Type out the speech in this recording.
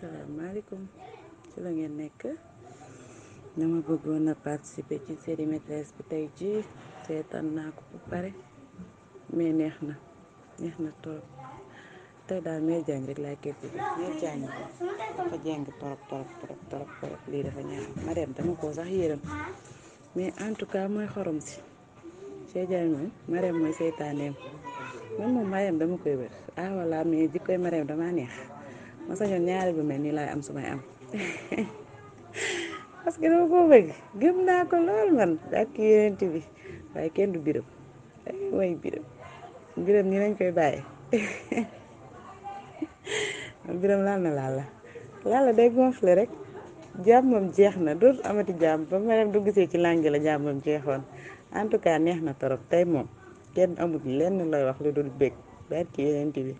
salaamaaleykum ci la ngeen nekk dama bëggoon a participer ci série maîtresse bi tey ji seetaan naa ko bu pare mais neex na neex na trop tey daal Mère Diagne rek laay képp gi Mère Diagne dafa jeng dama ko sax yërëm mais en tout cas mooy xorom si Cheikh Diagne moom Marème mooy seytaaneem man moom Marème dama koy wér ah voilà mais jikkoy Marème damaa neex ma sañoon ñaari bu mel nii lay am su may am parce que dama ko bëgg gém naa ko lool man ak yeneen bi waaye kenn du biram way biram biram lañ koy bàyyi biram laal na laal la laal la day gonfle rek jàmmam jeex na dootul amati jaam ba ma dem dugg see ci langi la jàmmam jeexoon en tout cas neex na torop tey moom kenn amul lenn looy wax lu dul bëgg ba ak yeneen bi